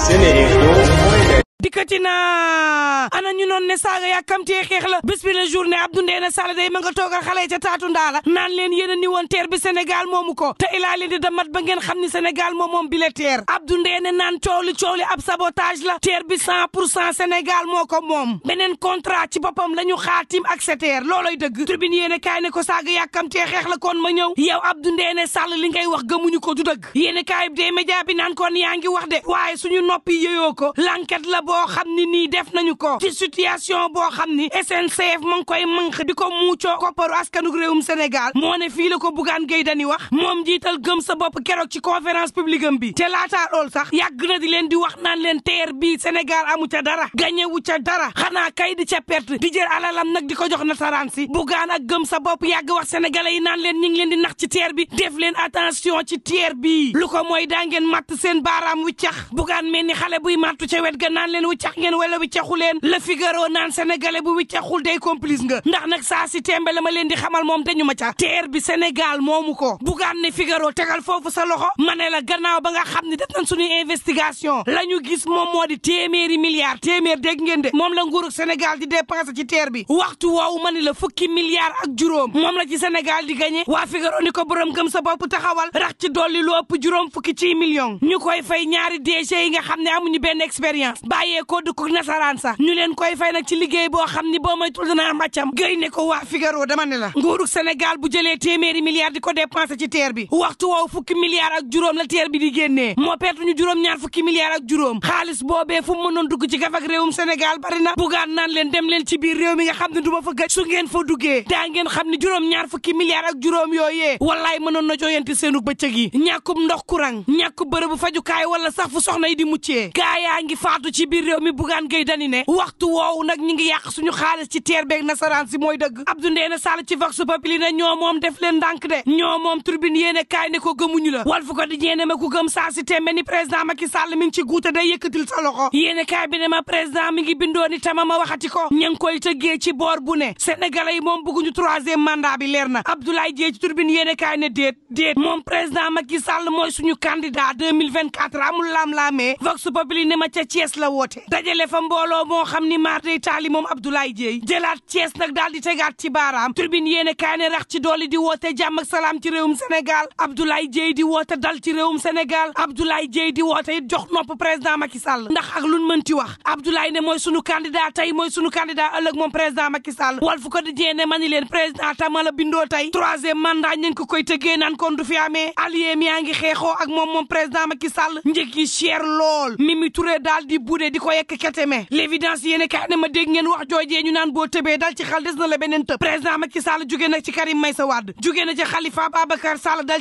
Sénégal. dikkati na ana ñu noon ne saaga yàkkamtee xeex la bés bi la journée Abdou Ndéné Sall day taatu ndaa la naan leen yéen a ni woon bi Sénégal moomu ko te ilaa leen la teer Abdou Ndéné naan coow li ab sabotage la teer bi cent pour cent Sénégal moo ko moom beneen contrat ci boppam la ñu xaatim ak SETER looloy dëgg tribune yéen a kaay ne ko saaga yàkkamtee xeex la kon ma ñëw yow Abdou Ndéné Sall li ngay wax gëmuñu ko du dëgg yéen a kaay bi dee woo xam ni nii def nañu ko ci situation boo xam ni SNCF ma ngi koy manq di ko muucoo kopparu askanug réewum Sénégal moo ne fii la ko Bougane Gueye Dany wax moom jiital gëm sa bopp keroog ci conférence publique am bi te laataa lool sax yàgg na di leen di wax naan leen TER bii Sénégal amu ca dara gañewu ca dara xanaa kay di ca perte di jël alalam nag di ko jox nasaraan si Bougane a gëm sa bopp yàgg wax sénégalais yi naan leen ñu ngi leen di nax ci TER bi def leen attention ci TER bii lu ko mooy daa ngeen matt seen baaraam wu cax Bougane mel ni buy mattu ca wet ga leen wiccax ngeen wala wiccaxu leen la Figaro naan sénégalais bu wiccaxul day complice nga ndax nag saa si tembe la ma leen di xamal moom dañu ma ca teer bi Sénégal moomu ko bugaan ne Figaro tegal foofu sa loxo ma ne la gannaaw ba nga xam ne def nañ suñuy investigation la ñu gis moom moo di téeméeri milliards téeméer dégg ngeen de moom la nguurug Sénégal di dépensé ci teer bi waxtu woowu ma la fukki milliards ak juróom moom la ci Sénégal di gagné waa Figaro ni ko borom gëm sa bopp taxawal rax ci dolli lu fukki million fay ñaari DG yi nga xam ne amuñu benn expérience bàyyi bàyyee koo dëkkuk nasaraan sa ñu leen koy fay nag ci liggéey boo xam ni boo moytul dana màccam gëy ne ko waa Figaro la nguurug Sénégal bu jëlee téeméeri milliards di ko dépensé ci teer bi waxtu woow fukki milliards ak juróom la teer bi di génnee moo perte ñu juróom ñaar fukki milliards ak juróom xaalis boobee fu mu mënoon dugg ci gafak réewum Sénégal bari na bugaan naan leen dem leen ci biir réew mi nga xam ne du ma fa gëj su ngeen fa duggee daa ngeen xam ne juróom ñaar fukki milliards ak juróom yooyee wallaay mënoon na jooyanti seenu bëccëg yi ñàkkum ndox kurang ñàkku bërëbu fajukaay wala sax fu soxna yi di muccee gaa yaa ngi faatu ci biir réew mi Bougane Gueye Dany ne waxtu woowu nag ñi ngi yàq suñu xaalis ci teer beeg nasaraan si mooy dëgg Abdou Ndéné ci Vox Populi ne ñoo moom def leen de ñoo moom turbine yéene kaay ne ko gëmuñu la Walf Quotidien ne ma ku gëm saa si tembe ni président Macky Sall mi ngi ci guute président mi ngi bindoo ni tama ma waxati ko ña ngi koy ci boor bu ne sénégalais yi moom bëgguñu troisième mandat bi leer na Abdoulaye Dieye ci turbine yéene kaay ne moom président Macky Sall mooy suñu candidat 2024 amul laam-laamee woote dajale fa mbooloo moo xam ni maar day taali moom Abdoulaye Dieye jëlaat Thiès nag daal di tegaat ci baaraam tribune yéene kaay ne rax ci dooli di woote jàmm ak salaam ci réewum Sénégal Abdoulaye Dieye di woote dal ci réewum Sénégal Abdoulaye Dieye di woote it jox nopp président Macky Sall ndax ak luñ mënti wax Abdoulaye ne mooy sunu candidat tey mooy sunu candidat ëllëg moom président Macky Sall Walf Quotidien ne ma ni leen président tama la bindoo tey troisième mandat ñu ngi naan kon du fi amee allié mi yaa ngi xeexoo ak moom moom président Macky Sall njëg yi cher lool Mimi Touré daal di di ko yekk keteme l'évidence yéen kaay ne ma dégg wax joojee ñu naan boo tëbee dal ci na la tëb président Macky Sall jugee na ci Karim Meïssa Wade jugee na ci Khalifa Ababacar Sall dal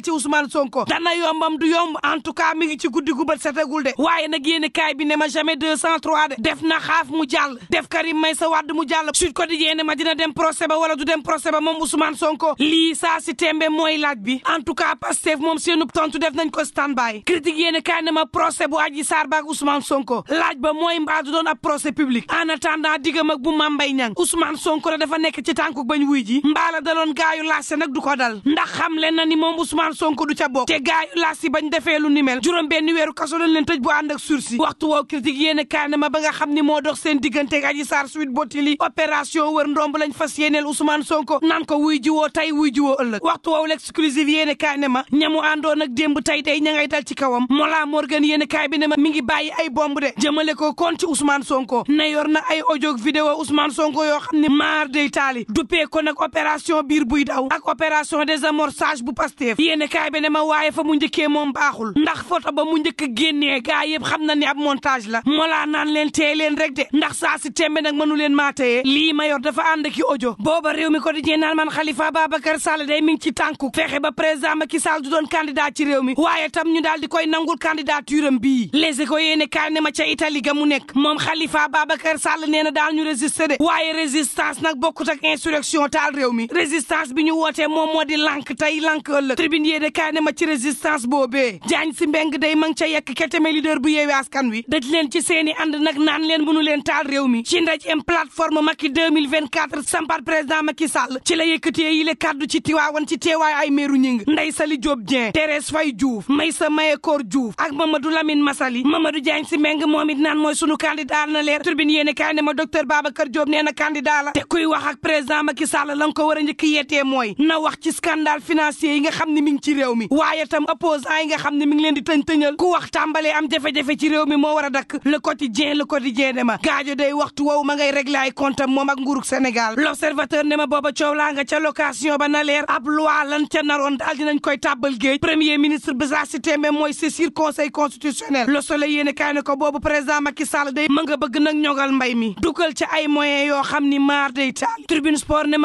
Sonko dana yombam du yomb en tout ngi guddi gu bët setagul de waaye nag yéen kaay bi ne ma jamais 203 de def na xaaf mu jàll def Karim Meïssa Wade mu jàll Sud Quotidien ne ma dina dem procès ba wala du dem procès ba moom Ousmane Sonko lii si tembe mooy bi en tout cas Pastef moom seenu tontu def nañ ko stand by critique ma procès bu mooy mbaa du doon ab procès a en attendant diggam ak bu Mame Mbaye Niang Sonko la dafa nekk ci tànku bañ wuy ji mbaa la daloon gaayu laase nag du ko dal ndax xam le na ni moom Ousmane Sonko du ca bokk te gaayu laas yi bañ defee lu ni mel juróom benn weeru kaso lañ leen tëj bu ànd ak sursis waxtu woo critique yéen kaane ma ba nga xam ni moo dox seen diggante ak Adji Sarr suite botili opération wër ndomb lañ fas yéeneel Ousmane Sonko naan ko wuy ji woo tey wuy ji woo ëllëg waxtu woow l'exclusive yéen kaane ma ñamu àndoon ak démb tey tey ña ngay dal ci kawam Mollah Morgan yéen kaay bi ne ma mi ngi bàyyi ay bomb jëmale ko ko kon ci Sonko ne yor na ay audio vidéo Ousmane Sonko yoo xam ne maar day taali duppee ko nag opération biir buy daw ak opération désamorçage bu Pastef yéen kaay bi ne ma waaye fa mu njëkkee moom baaxul ndax photo ba mu njëkk génnee gaa yëpp xam na ne ab montage la molaa naan leen teye leen rek de ndax saa si tembe nag mënu leen maa teye lii ma yor dafa ànd ki audio booba réew mi ko di naan man Khalifa Babacar Sall day mi ngi ci tànku fexe ba président Macky Sall du doon candidat ci réew mi waaye tam ñu daal di koy nangul candidature am bii les éco mu nekk moom Khalifa Babacar Sall nee na daal ñu résister de waaye résistance nag bokkut ak insurrection taal réew mi résistance bi ñu wootee moom moo di lànk tey lànk ëllëg tribune yee de kaay ma ci résistance boobee jaañ si mbeng day mang ca yekk keteme leader bu yeewee askan wi daj leen ci seeni ànd nag naan leen mënu leen taal réew mi ci ndajeem plateforme Macky 2024 sampar président Macky Sall ci la yëkkatee yi le kaddu ci tiwaawan ci teewaay ay meeru ñing Ndeye Saly Diop Dieng Thérèse Faye Diouf Maysa Maye Koor Diouf ak Mamadou Lamine Massaly Mamadou Diagne si mbeng moom it naan mooy sunu candidat na leer turbine yéene kaay ne ma docteur Babacar Diop nee na candidat la te kuy wax ak président Macky Sall la ko war a njëkk yeetee mooy na wax ci scandale financier yi nga xam ni mi ngi ci réew mi waaye tam opposant yi nga xam ne mi ngi leen di tëñ-tëñal ku wax tàmbalee am jafe-jafe ci réew mi moo war a dakk le quotidien le quotidien ne ma gaajo day waxtu wow ma ngay régler ay compte am moom ak nguurug Sénégal l'observateur ne ma booba coow laa nga ba na leer ab loi lan ca naroon daal dinañ koy tàbbal géej premier ministre bi saa si téembe mooy saisir conseil constitutionnel le soleil yéene kaay ne ko boobu Macky Sall day ma nga bëgg nag ñogal mbay mi dugal ci ay moyens yoo xam ni maar day taal tribune sport li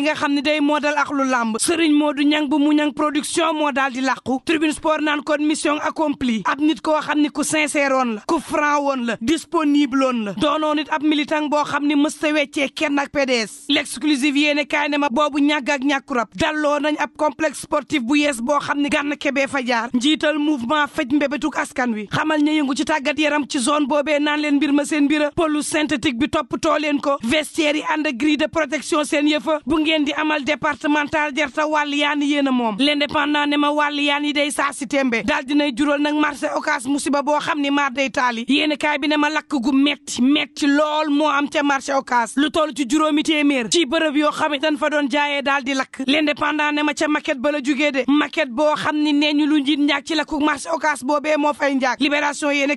nga xam ni day moo dal ak lu làmb Serigne Modou Niang mu production moo daal di làqu tribune sport naan kon mission accomplie ab nit koo xam ni ku sincère woon la ku franc woon la disponible woon la doonoo nit ab militant boo xam ni mës ta weccee kenn ak PDS l'exclusive yéene kaay ma boobu ñàgg ak ñàkkurab dalloo nañ ab complexe sportif bu yees boo xam ni gànn kebee fa jaar njiital mouvement faj mbébétuk askan wi xamal ñu yëngu ci tàggat yaram ci zone bon boobee naan leen mbir ma seen mbira polu synthétique bi toppatoo leen ko vestiaire yi ànd ak grille de protection seen yëfa bu ngeen di amal départemental jarta wàll yaan yéen moom moom l'indépendant ne ma wàll yaan yi day saa si tembe daal dinay jural nag marché occas musiba boo xam ni maar day taali yéen kaay bi ne ma lakk gu metti metti lool moo am ca marché occas lu toll ci juróomi téeméer ci bërëb yoo xam ne dañ fa doon jaaye daal di lakk l'indépendant ne ma ca maquette ba la jugee de maquette boo xam ni nee lu njiit njaag ci lakku marché occas moo fay njaag libération yéen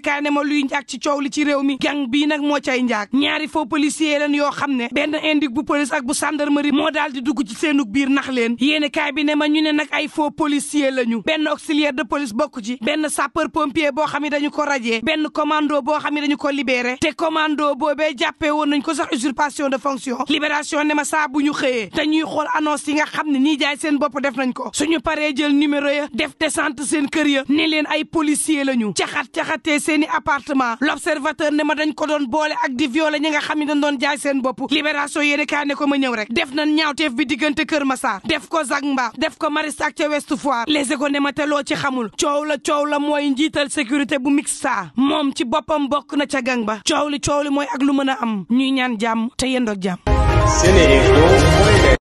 ci coow li ci réew mi gang bii nag moo cay njaag ñaari faux policier leen yoo xam ne benn indique bu police ak bu gendarmerie moo daal di dugg ci seenug biir nax leen yéene kaay bi ne ma ñu ne nag ay faux policier lañu benn auxiliaire de police bokk ci benn sapeur pompier boo xam ne dañu ko rajee benn commando boo xam ne dañu ko libéré te commando boobee jàppee woon nañ ko sax usurpation de fonction libération ne ma saa bu ñu xëyee dañuy xool annonce yi nga xam ne ñiy jaay seen bopp def ko suñu paree jël numéro ya def descente seen kër ya ne leen ay policier lañu caxat caxatee seeni appartement violents l'observateur ne ma dañ ko doon boole ak di violer ñi nga xam ne dañ doon jaay seen bopp libération yéene kaa ne ko ma ñëw rek def nañ ñaawteef bi diggante Kër ma Massar def ko Zac Mbao def ko Marissac ca Ouest Foire les éco ne ma te loo ci xamul coow la coow la mooy njiital sécurité bu Mixa moom ci boppam bokk na ca gang ba coow li coow li mooy ak lu mën a am ñuy ñaan jàmm te yendoog jàmm